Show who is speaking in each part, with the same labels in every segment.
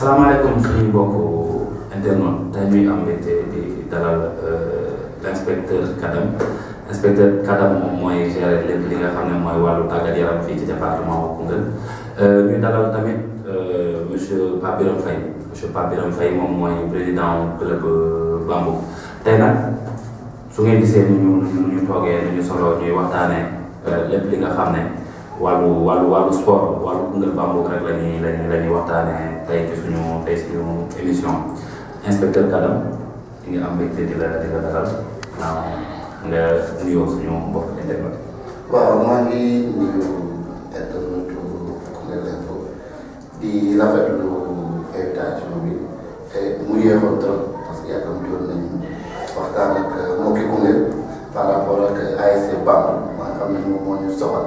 Speaker 1: asalaamaaleykum suñuy mbokk internaute tey ñuy am mbégte di dalal euh, l' inspecteur Kadam inspecteur moom mooy gérer lépp li xam ne mooy wàllu tàggat yaram fii ci département wu Koungheul euh, ñu dalal tamit euh, monsieur Pape Birame monsieur Pape Birame moom mooy président club Bambou tey nag su ngeen gisee ni ñu ñu toogee ni ñu solo ñuy waxtaanee lépp li xam ne. wàllu wàllu wàllu sport wàllu Koungheul Bambouck rek la ñuy la ñuy la ñuy waxtaanee tey ci suñu suñu émission inspecteur Kadam ñu ngi am mbégte di la di la dalal nga suñu mbokk internet.
Speaker 2: waaw maa ngi nuyu internet Koungheul Info di rafetlu invitation bi te eh, mu yéexoon trop parce que yaakaar joon nañu waxtaan ak euh, par rapport ak ASC maa xam ne moom moo ñu soxal.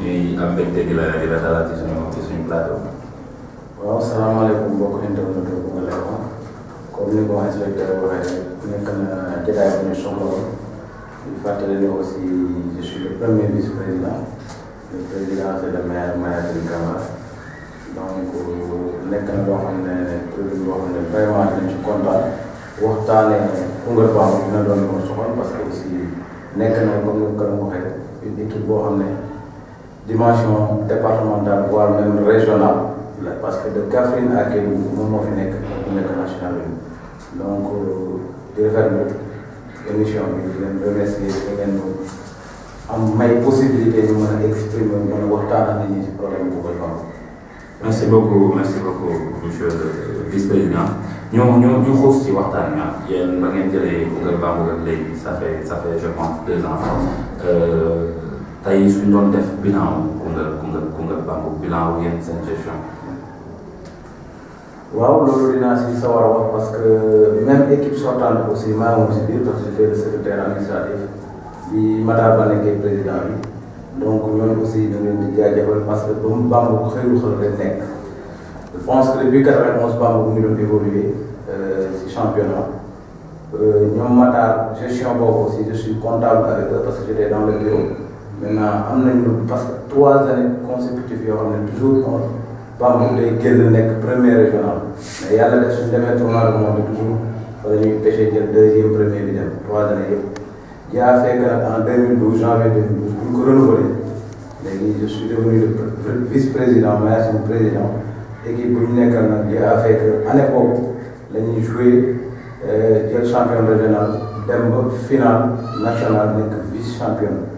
Speaker 1: ñuy am mbégte di la di la dalal ci suñu ci suñu plateau. waaw salaamaaleykum mbokki internet bu nga lay wax
Speaker 3: comme ni ko waxee rek nekk na jotaay bu ñu soxla woon di fàttali ne aussi je suis le premier vice président le président c'est le maire Mayacine Camara donc nekk na loo xam ne produit boo xam ne vraiment dañ ci kontaan waxtaanee Koungheul Bambey dina doon ko soxal parce que aussi nekk na comme ni ko waxee une équipe boo xam ne. dimension départementale voire même régionale parce que de Catherine à donc euh, des émission remercier possibilité de exprimer problème merci beaucoup merci beaucoup monsieur le
Speaker 1: vice-président nous nous ça fait ça fait je pense deux ans. Euh, tey suñ doon def bilan wu Koungheul Koungheul Koungheul Bambouck bilan wu yéen seen gestion.
Speaker 3: waaw loolu dinaa si sawar a wax parce que même équipe sortante aussi maa ngi si biir parce que j'étais le secrétaire administratif bi Matar Ba nekkee président bi donc ñoom aussi ñu leen di jaajëfal parce que ba mu Bambouck xëyul xëy leen nekk. je pense que depuis 91 Bambouck mu ngi doon évoluer euh, si championnat. Euh, ñoom Matar gestion boobu aussi je suis comptable avec eux parce que j'étais dans le bureau. maintenant on a parce que trois années consécutives yoo xam toujours on Bambou day génn premier régional mais yàlla def suñ demee tournoi du monde toujours fa la ñuy le deuxième premier bi dem trois années yëpp. yaa fekk nag en 2012 janvier 2012 pour ñu ko renouvelé je suis devenu le vice président maire son président équipe bu ñu nekkal nag yaa fekk année boobu la ñuy joué euh, le champion régional dem finale nationale nekk vice champion.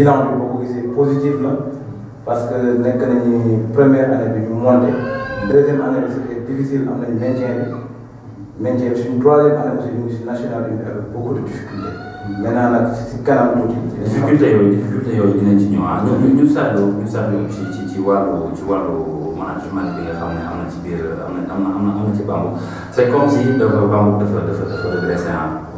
Speaker 3: bilan bi positif parce que nekk première année bi deuxième année difficile am nañu troisième année avec beaucoup de difficultés maintenant nag si kanam tuuti. difficulté yooyu difficulté nous dinañ ci ñu
Speaker 1: ñu ñu ci management ci c'est comme si Bambou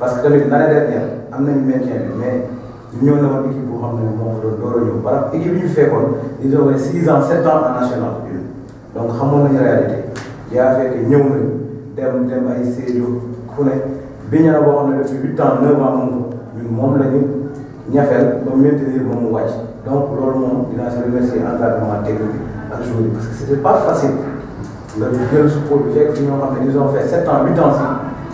Speaker 3: parce que tamit l'année dernière am nañu maintien bi mais ñu ñëw na woon équipe boo xam ne moo ko doon door a ñëw par équipe yi ñu fekkoon ils ont 6 ans 7 ans en national donc on xamoon nañu réalité yaa fekk ñëw nañ dem dem ay séeréer ku ne bi ñu boo xam ne depuis 8 ans 9 ans moom ñun moom la ñu ñafeel pour maintenir ba mu wàcc donc loolu moom dinaa se remercier engagement technique ak joueur parce que c' était pas facile nga jël su ko fekk ñoo xam ne ils fait 7 ans 8 ans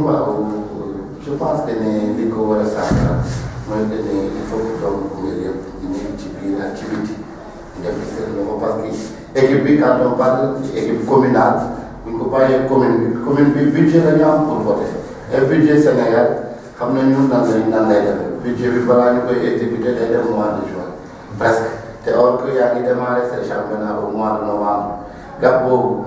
Speaker 1: waaw je pense que ne li ko war a saafara mooy ne il faut que doomu
Speaker 2: Koungheul yëpp ñu ci biir ak ci biti def ci seen loxo parce que équipe bi quand on parle ci équipe communale bi commune bi la ñu am pour voter et budget Sénégal xam nañ ñun nan lañ nan lay demee budget bi balaa ñu koy exécuter day dem mois de juin presque te or que yaa ngi démarrer ce championnat au mois de novembre gàpp boobu.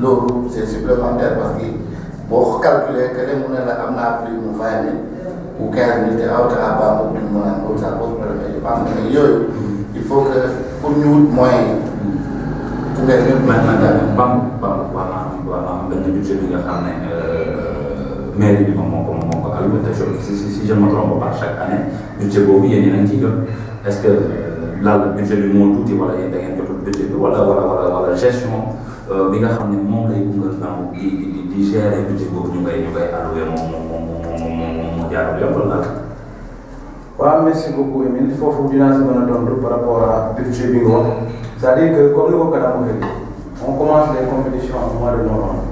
Speaker 2: loolu c' est supplémentaire parce que boo calculer que ne mu ne la am naa prix mu vingt mille ou quinze te awta à bas moom duñ mën am ça pose problème je pense que yooyu il faut que pour ñu wut moyen yi ku ngeen ñun man man bam bam wala
Speaker 1: euh, si si si je me trompe pas chaque année budget boobu yéen yéen a ngi ciy jot est euh, moo tuuti wala yéen da ngeen jotul budget bi wala wala wala wala gestion Euh, bi nga xam ne moom lay dugal donc di di di gérer budget boobu ñu ngay ñu koy alloué moom moom moom moom moo jaarul yombal la.
Speaker 3: waaw merci beaucoup Emile foofu dinaa si mën a tontu par rapport à budget bi nga wax c'est-à-dire que comme ni ko Kadamu waxee on commence les compétitions au mois de novembre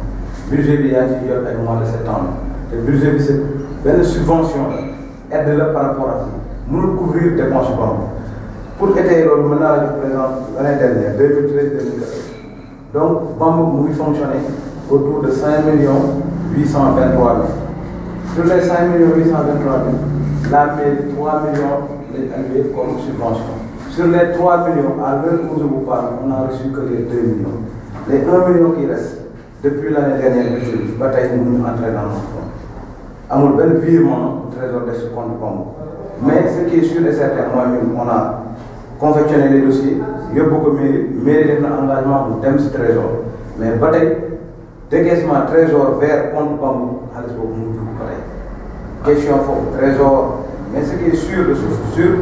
Speaker 3: budget bi yaa ngi ci jot ay mois de septembre te budget bi c'est benn subvention la aide la par rapport ak mënul couvrir dépense boobu pour été loolu mën naa la jox par exemple l'année dernière deux mille treize deux mille donc, Bambouk Mouvi fonctionnait autour de 5 823 000. Sur les 5 823 000, la 3 millions est allouée comme subvention. Sur les 3 millions, à l'heure où je vous parle, on n'a reçu que les 2 millions. Les 1 million qui restent, depuis l'année dernière, je bataille nous entraîne dans notre compte. Amour Ben vivement, trésor de ce compte Bambouk. Mais ce qui est sûr et certain, moi-même, on a confectionné les dossiers, yóbbu ko mairie mairie def na engagement bu dem si trésor mais ba tey décaissement trésor vers compte Bambou xaalis boobu mu dugg ba tey question foofu trésor mais ce qui est sûr de sûr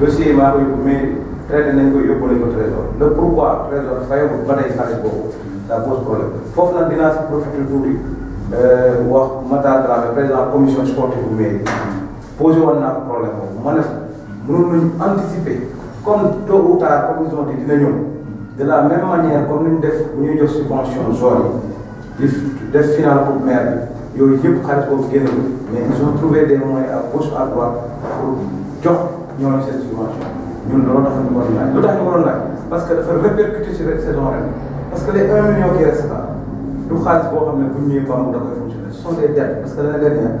Speaker 3: dossier maa ko yóbbu mairie traité nañ ko yóbbu nañ ko trésor le pourquoi trésor fayagul ba tey xaalis boobu ça pose problème foofu nag dinaa si profité tuuti euh, wax Matar Dramé président commission sportive bu mairie posé woon naa ko problème boobu ma ne mënoon nañu anticiper comme tôt ou tard comme ils ont dit dina de la même manière comme nous avons def bu subvention zone yi di pour maire bi yooyu yëpp xaalis boobu mais ils ont trouvé des moyens à gauche à droite pour jox ñooñu seen subvention Nous loolu tax ñu waroon laaj lu tax ñu waroon parce que dafa répercuté sur la saison parce que les 1 million qui restent là nous avons boo xam ne bu ñu ñëwee fonctionner ce sont des dettes parce que l'année dernière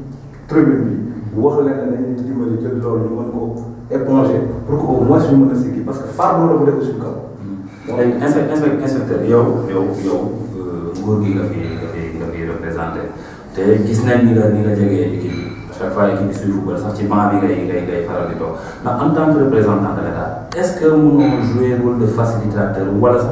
Speaker 3: tribune bi wax leen ne dañuy dimbali jël loolu ñu mën ko éponger pour que au moins ñu mën a parce que faar boo doon def suñu kaw. léegi inspecteur inspecteur yow yow yow
Speaker 1: euh, nguur gi nga fi nga fi
Speaker 3: nga fi représenté
Speaker 1: te gis nañ ni nga ni nga jege équipe bi chaque fois équipe bi suy football sax ci banc bi ngay ngay ngay faral di toog ndax en tant que représentant de l'État est-ce que de facilitateur wala sax.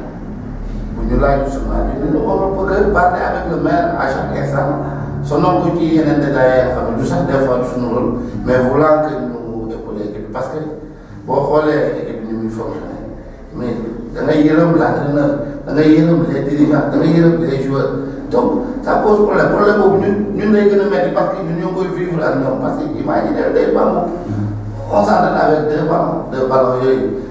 Speaker 2: nous on peut parler avec le maire à chaque instant son nom ci yeneen détails xam des fois mais voulant que nous épauler parce que boo xoolee équipe mais l'entraîneur les dirigeants les joueurs donc ça pose problème problème boobu ñun ñun parce que ñun ñoo vivre ak ñoom parce que on avec deux ballons deux ballons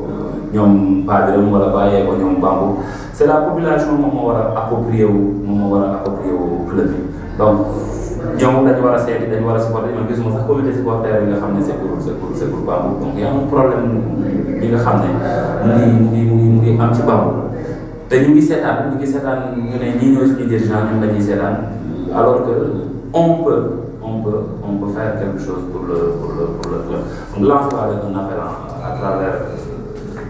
Speaker 1: ñoom Paderem wala bàyyee ko ñoom Bambou c' est la population moom moo war a approprier wu moom moo war a approprier wu club bi donc ñoom dañu war a seeti dañu war a supporter ñoom gisuma sax comité supporter yi nga xam ne c' est pour c' est pour c' est pour Bambou donc y' a un problème bi nga xam ne mu ngi mu ngi mu ngi am ci Bambou te ñu ngi seetaan ñu ngi seetaan ñu ne ñii ñoo suñu dirigeant ñoom dañuy seetaan alors que on peut on peut on peut faire quelque chose pour le pour le pour le club donc là on va faire un appel à travers.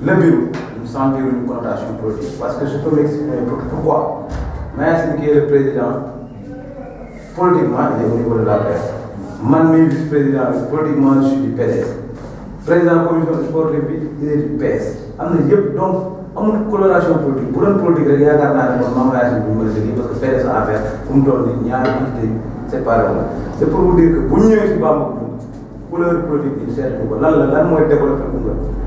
Speaker 3: le bureau ñu sentir une connotation politique parce que je peux m'exprimer pourquoi Mayacine qui est le président politiquement il est au niveau de man mii vice-président bi politiquement je suis du PDS président commission sportive bi il est du PS am na yëpp donc amul coloration politique bu doon politique rek yaakaar naa ne moom Mayacine bi mu mën a liggéey parce que PDS en affaire fu mu toll nii ñaari entités séparé wu c' est pour vous dire que bu ñu ñëwee si Bambou couleur politique bi seetlu ko lan la lan mooy développé Koungheul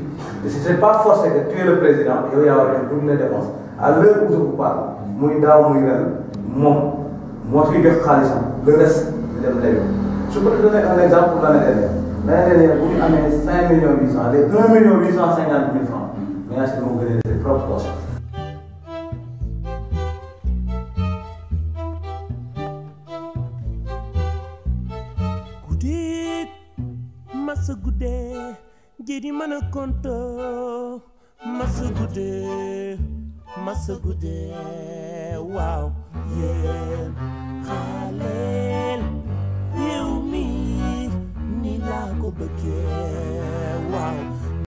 Speaker 3: Ce n'est pas forcé que tu es le président, il y a un groupe de défense. À l'heure où je vous parle, moi, je suis là, moi, moi, je suis le reste, je suis le Je peux te donner un exemple pour l'année dernière. L'année dernière, vous avez 5 millions 800, les 2 millions 50 000 francs. Mais là, c'est vous venez de tes propres poches.
Speaker 1: Goudit, masse goudet. Gidi mana konto masugude masugude
Speaker 2: Wow Yeah Khalil
Speaker 3: You me Nila ko bëggee